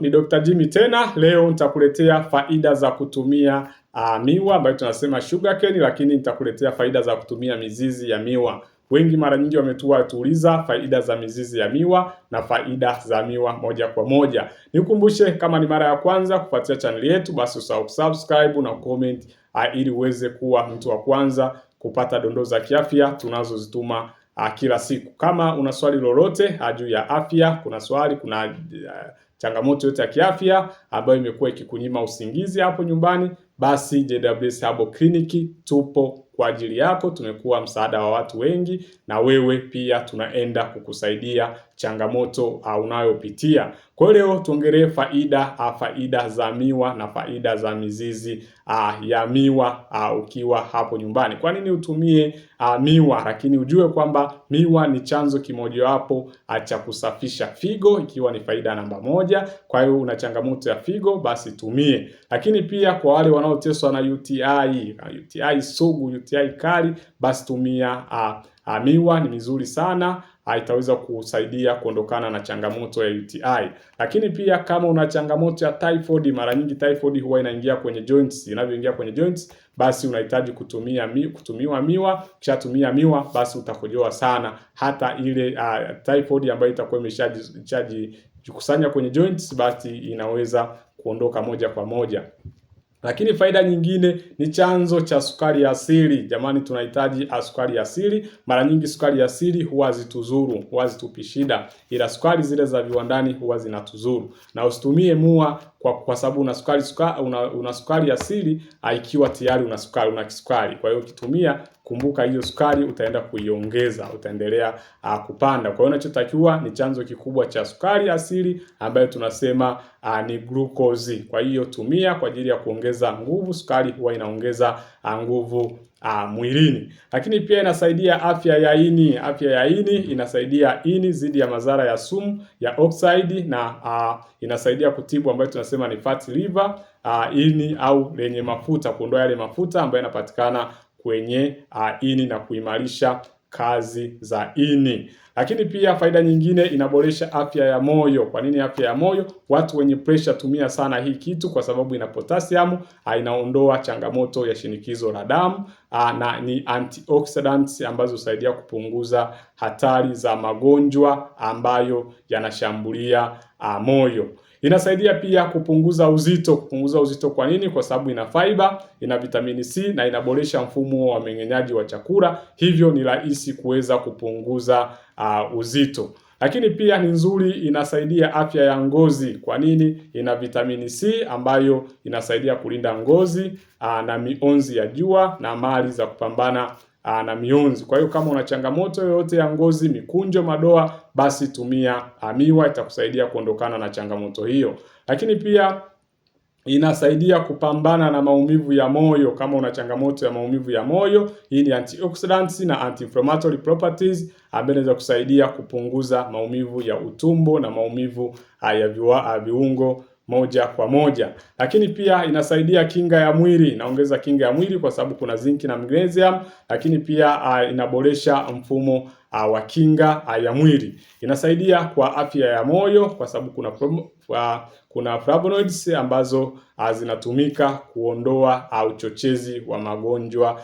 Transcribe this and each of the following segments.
Ni Dr. Jimmy tena. Leo nitakuletea faida za kutumia uh, miwa ambayo tunasema cane, lakini nitakuletea faida za kutumia mizizi ya miwa. Wengi mara nyingi wametua tuuliza faida za mizizi ya miwa na faida za miwa moja kwa moja. Nikukumbushe, kama ni mara ya kwanza kufuatia chaneli yetu, basi usahau subscribe na comment uh, ili uweze kuwa mtu wa kwanza kupata dondoo za kiafya tunazozituma uh, kila siku. Kama una swali lolote juu ya afya, kuna swali, kuna uh, changamoto yote ya kiafya ambayo imekuwa ikikunyima usingizi hapo nyumbani, basi JWS Herbal Clinic tupo kwa ajili yako. Tumekuwa msaada wa watu wengi, na wewe pia tunaenda kukusaidia changamoto unayopitia. Kwa leo tuongelee faida a, ah, faida za miwa na faida za mizizi a, ah, ya miwa a, ah, ukiwa hapo nyumbani. Kwa nini utumie a, miwa? Lakini ujue kwamba miwa ni chanzo kimojawapo cha kusafisha figo, ikiwa ni faida namba moja. Kwa hiyo una changamoto ya figo, basi tumie. Lakini pia kwa wale wanaoteswa na UTI, UTI sugu, UTI kali, basi tumia a, Ah, miwa ni mizuri sana, ah, itaweza kusaidia kuondokana na changamoto ya UTI. Lakini pia kama una changamoto ya typhoid, mara nyingi typhoid huwa inaingia kwenye joints. Inavyoingia kwenye joints, basi unahitaji kutumia mi, kutumiwa miwa. Ukishatumia miwa, basi utakojoa sana, hata ile uh, typhoid ambayo itakuwa imeshajikusanya kwenye joints, basi inaweza kuondoka moja kwa moja. Lakini faida nyingine ni chanzo cha sukari asili. Jamani, tunahitaji sukari asili. Mara nyingi sukari asili huwa zituzuru huwa zitupi shida, ila sukari zile za viwandani huwa zinatuzuru, na usitumie mua kwa, kwa sababu una sukari, sukari una, una sukari asili ikiwa tayari una sukari una kisukari, kwa hiyo ukitumia kumbuka hiyo sukari utaenda kuiongeza, utaendelea uh, kupanda. Kwa hiyo unachotakiwa ni chanzo kikubwa cha sukari asili ambayo tunasema uh, ni glucose. Kwa hiyo tumia kwa ajili ya kuongeza nguvu. Sukari huwa inaongeza uh, nguvu Uh, mwilini lakini pia inasaidia afya ya ini. Afya ya ini inasaidia ini dhidi ya madhara ya sumu ya oxide na uh, inasaidia kutibu ambayo tunasema ni fat liver uh, ini au lenye mafuta, kuondoa yale mafuta ambayo yanapatikana kwenye uh, ini na kuimarisha kazi za ini. Lakini pia faida nyingine inaboresha afya ya moyo. Kwa nini afya ya moyo? Watu wenye pressure tumia sana hii kitu kwa sababu ina potassium, ah, inaondoa changamoto ya shinikizo la damu ah, na ni antioxidants ambazo husaidia kupunguza hatari za magonjwa ambayo yanashambulia moyo. Inasaidia pia kupunguza uzito. Kupunguza uzito kwa nini? Kwa sababu ina fiber, ina vitamini C na inaboresha mfumo wa mmeng'enyaji wa chakula, hivyo ni rahisi kuweza kupunguza uh, uzito. Lakini pia ni nzuri, inasaidia afya ya ngozi. Kwa nini? Ina vitamini C ambayo inasaidia kulinda ngozi aa, na mionzi ya jua na mali za kupambana na mionzi. Kwa hiyo kama una changamoto yoyote ya ngozi, mikunjo, madoa, basi tumia miwa, itakusaidia kuondokana na changamoto hiyo. Lakini pia inasaidia kupambana na maumivu ya moyo. Kama una changamoto ya maumivu ya moyo, hii ni antioxidants na anti-inflammatory properties ambayo inaweza kusaidia kupunguza maumivu ya utumbo na maumivu ah, ya ah, viungo moja kwa moja, lakini pia inasaidia kinga ya mwili, inaongeza kinga ya mwili kwa sababu kuna zinki na magnesium, lakini pia uh, inaboresha mfumo uh, wa kinga uh, ya mwili. Inasaidia kwa afya ya moyo kwa sababu kuna uh, kuna flavonoids ambazo uh, zinatumika kuondoa uh, uchochezi wa magonjwa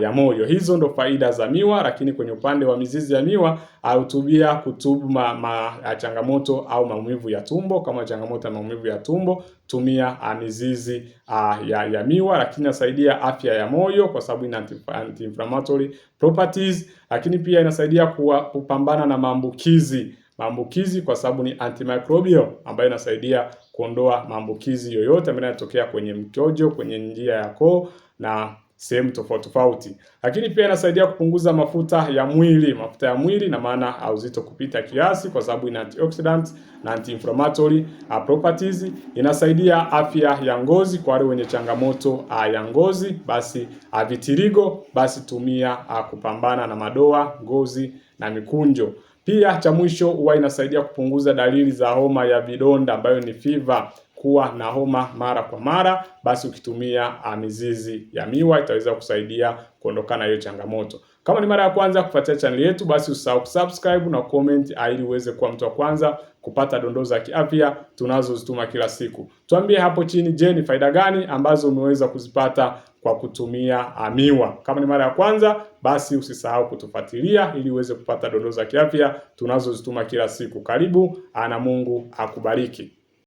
ya moyo. Hizo ndo faida za miwa, lakini kwenye upande wa mizizi ya miwa ah, hutubia kutubu ma, ma, ah, changamoto au maumivu ya tumbo. Kama changamoto ya maumivu ya tumbo, tumia a, ah, mizizi a, ya, ya miwa, lakini inasaidia afya ya moyo kwa sababu ina anti-inflammatory properties, lakini pia inasaidia kuwa, kupambana na maambukizi maambukizi kwa sababu ni antimicrobial ambayo inasaidia kuondoa maambukizi yoyote ambayo yanatokea kwenye mkojo, kwenye njia ya koo na sehemu tofauti tofauti, lakini pia inasaidia kupunguza mafuta ya mwili, mafuta ya mwili na maana auzito uzito kupita kiasi, kwa sababu ina antioxidants na anti-inflammatory uh, properties. Inasaidia afya ya ngozi kwa wale wenye changamoto uh, ya ngozi, basi uh, vitirigo, basi tumia kupambana na madoa ngozi na mikunjo. Pia cha mwisho, huwa inasaidia kupunguza dalili za homa ya vidonda ambayo ni fiva kuwa na homa mara kwa mara, basi ukitumia a, ah, mizizi ya miwa itaweza kusaidia kuondokana hiyo changamoto. Kama ni mara ya kwanza kufuatia channel yetu, basi usahau kusubscribe na comment ah, ili uweze kuwa mtu wa kwanza kupata dondoo za kiafya tunazozituma kila siku. Tuambie hapo chini, je, ni faida gani ambazo umeweza kuzipata kwa kutumia ah, miwa? Kama ni mara ya kwanza, basi usisahau kutufuatilia ili uweze kupata dondoo za kiafya tunazozituma kila siku. Karibu ana Mungu akubariki.